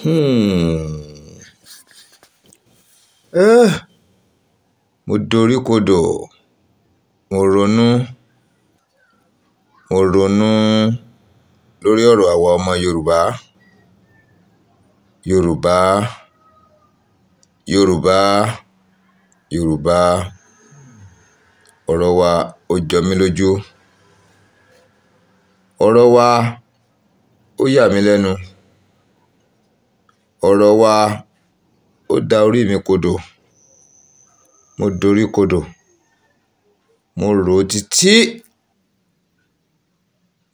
Hmm. Eh, mo doríkodò mo ronú mo ronú um lórí ọ̀rọ̀ àwa ọmọ yorùbá yorùbá yorùbá yorùbá ọ̀rọ̀ wa ó jọ mí lójú ọ̀rọ̀ wa ó yà mí lẹ́nu ọ̀rọ̀ wa ó da orí mi kodò. Mo dorí kodò. Mo rò ó títí.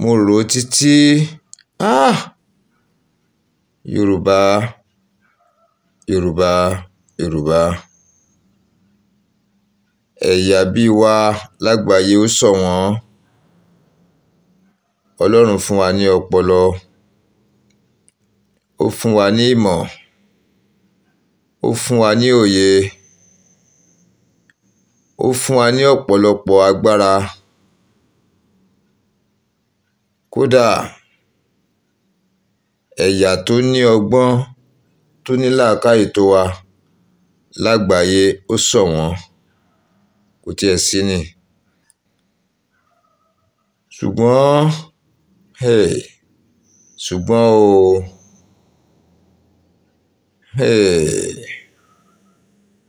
Mo rò ó títí. Ah! Yorùbá, Yorùbá, Yorùbá. Ẹ̀yà bí wa lágbàyé ó sọ̀wọ́n. Ọlọ́run fún wa ní ọpọlọ ó fún wa ní ìmọ̀ ó fún wa ní òye ó fún wa ní ọ̀pọ̀lọpọ̀ agbára kódà ẹ̀yà tó ní ọgbọ́n tó ní làákàyè tó wa lágbàáyé ó ṣọ̀wọ́n kò tiẹ̀ sí ni ṣùgbọ́n hey, ṣùgbọ́n o. Oh,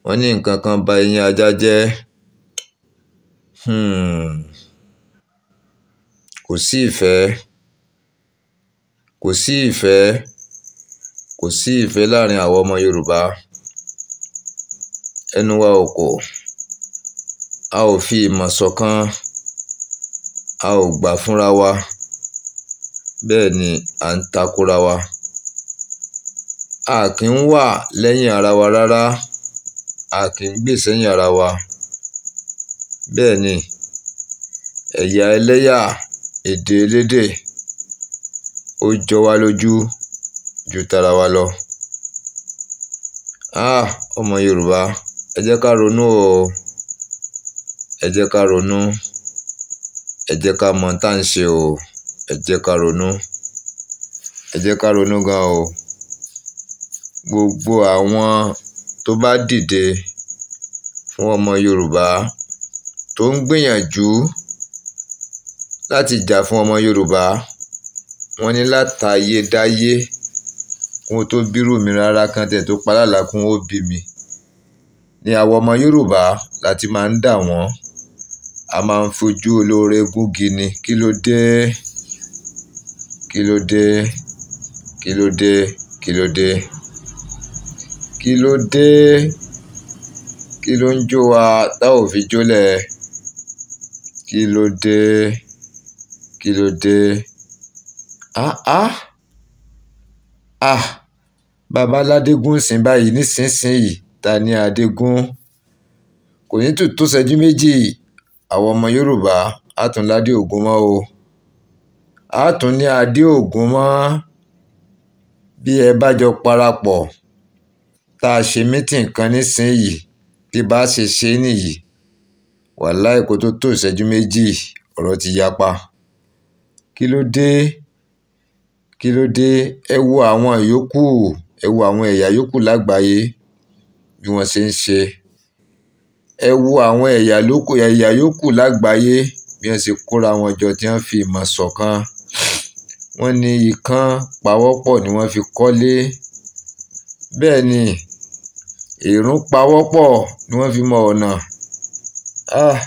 wọ́n ní nǹkan kan ba eyín ajá jẹ́ hmm. kò sí ìfẹ́ kò sí ìfẹ́ kò sí ìfẹ́ láàrin àwọn ọmọ yorùbá ẹnu wa ò kò a ò fi ìmọ̀ ṣọ̀kan a ò gbà fúnra wa bẹ́ẹ̀ ni à ń takúra wa. a kì í wà lẹ́yìn ara wa rárá a kì í gbè sẹ́yìn ara wa bẹ́ẹ̀ ni ẹ̀yà ẹlẹ́yà èdè elédè ó jọ wá lójú ju tara wa lọ. ah ọmọ yorùbá ẹ jẹ́ ká ronú o ẹ jẹ́ ká ronú ẹ jẹ́ ká mọ tá à ń ṣe o ẹ jẹ́ ká ronú ẹ jẹ́ ká ronú gan o gbogbo àwọn tó bá dìde fún ọmọ yorùbá tó ń gbìyànjú láti jà fún ọmọ yorùbá wọn ní látayédáyé kún tó bírù mi rárá kan tẹ̀ tó palálà kún ó bí mi ní àwọn ọmọ yorùbá láti máa ń dà wọ́n a máa ń fojú olóore gúngi ni kí ló dé kí ló dé kí ló dé kí ló dé kí ló dé kí ló ń jó wa tá ò fi jólẹ̀ kí ló dé kí ló dé ah ah ah babaládégún sìn báyìí nísinsìnyí ta ni adégún kò ní tù tó ṣẹ́jú méjì àwọn ọmọ yorùbá á tún ládé ògún mọ́ o á tún ní adé ògún mọ́ bí ẹ bá jọ parapọ̀ tá a ṣe mítìn kan nísìnyìí bí bá ṣe ṣe é nìyí wàláì kó tó tó ìṣẹ́jú méjì ọ̀rọ̀ ti yapa kí ló dé kí ló dé ẹ wo àwọn yòókù ẹ wo àwọn ẹ̀yà yòókù lágbàáyé bí wọ́n ṣe ń ṣe ẹ wo àwọn ẹ̀yà lóko ẹ̀yà yòókù lágbàáyé bí wọ́n ṣe kóra wọn jọ tí wọ́n fi ìmọ̀ ṣọ̀kan wọ́n ní ikán pawọ́pọ̀ ni wọ́n fi kọ́lé bẹ́ẹ̀ ni ìrún pawọ́pọ̀ ni wọ́n fi mọ ọ̀nà ah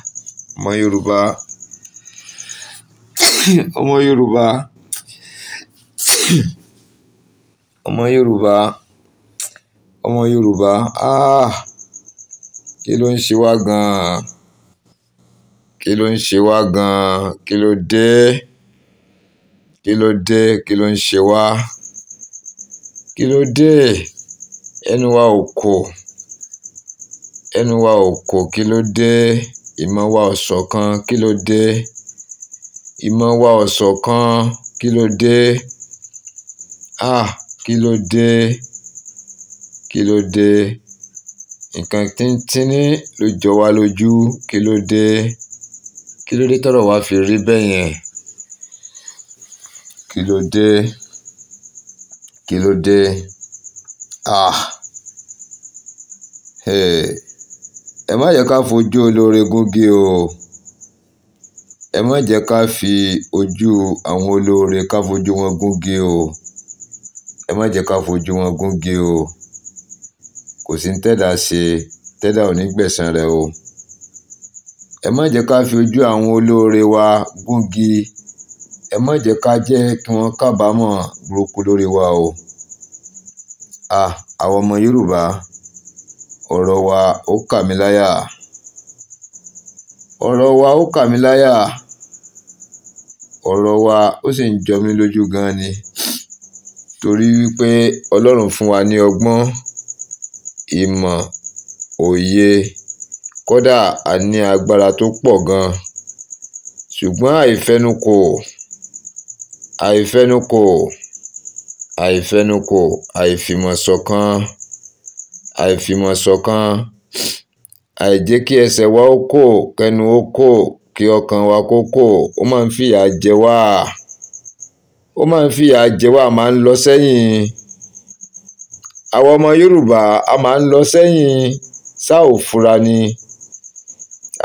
ọmọ yorùbá ọmọ yorùbá ọmọ yorùbá ọmọ yorùbá ah kí ló ń ṣe wá gan-an kí ló ń ṣe wá gan-an kí ló dé kí ló dé kí ló ń ṣe wá kí ló dé ẹnu wa ò kò ẹnu wa ò kò kí ló dé ìmọ̀ wa ò ṣọ̀kan kí ló dé ìmọ̀ wa ò ṣọ̀kan kí ló dé ah kí ló dé kí ló dé nǹkan tíntínní ló jọ wá lójú kí ló dé kí ló dé tọ́rọ̀ wá fi rí bẹ́ẹ̀ yẹn kí ló dé kí ló dé ah hey ẹ má jẹ́ ká fojú olóore gúngi o ẹ má jẹ́ ká fi ojú àwọn olóore ká fojú wọn gúngi o ẹ má jẹ́ ká fojú wọn gúngi o kò sí tẹ́dà ṣe tẹ́dà ò ní gbẹ̀san rẹ̀ o ẹ má jẹ́ ká fi àwọn olóore wa gúngi ẹ má jẹ́ ká jẹ́ kí wọ́n kábàámọ̀ burúkú lórí wa o ah àwọn ọmọ Yorùbá ọ̀rọ̀ wa ó kà mí láyà ọ̀rọ̀ wa ó kà mí láyà ọ̀rọ̀ wa ó sì ń jọ mí lójú gan ni torí wípé ọlọ́run fún wa ní ọgbọ́n ìmọ̀ òye kódà a ní agbára tó pọ̀ gan ṣùgbọ́n àìfẹnukò àìfẹnukò àìfẹnukò àìfìmọ̀ṣọ̀kan àìfìmọ̀ṣọ̀kan àìjẹ́ kí ẹsẹ̀ wa ó kò kẹnu ó kò kí ọkàn wa kó kò ó máa ń fìyà jẹ wá ó máa ń fìyà jẹ wá a máa ń lọ sẹ́yìn àwọn ọmọ Yorùbá a máa ń lọ sẹ́yìn ṣá ò fura ni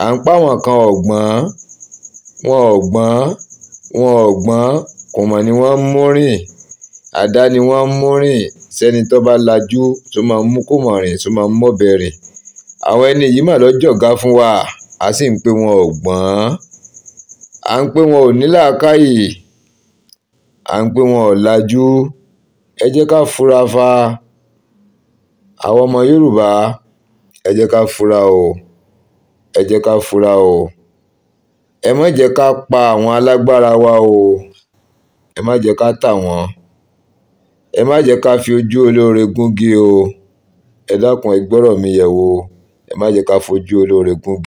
à ń páwọn kan ọ̀gbọ́n wọn ọ̀gbọ́n wọn ọ̀gbọ́n kò mọ̀ ni wọ́n ń mú rìn àdá ni wọ́n ń mú rìn sẹ́ni tó bá lajú tó máa mú kó mọ̀ rìn tó máa mọ̀ bẹ̀rẹ̀ àwọn ẹni yìí mà lọ́jọ̀gá fún wa a sì ń pé wọn ò gbọ́n à ń pé wọn ò ní làákàyè à ń pé wọn ò lajú ẹ jẹ́ ká fura fa àwọn ọmọ Yorùbá ẹ jẹ́ ká fura o ẹ jẹ́ ká fura o ẹ má jẹ́ ká pa àwọn alágbára wa o ẹ má jẹ́ ká tà wọ́n ẹ má jẹ́ ká fi ojú olóore gúngi o ẹ dákun ẹ gbọ́rọ̀ mi yẹ̀ wò ẹ má jẹ́ ká fojú olóore gúngi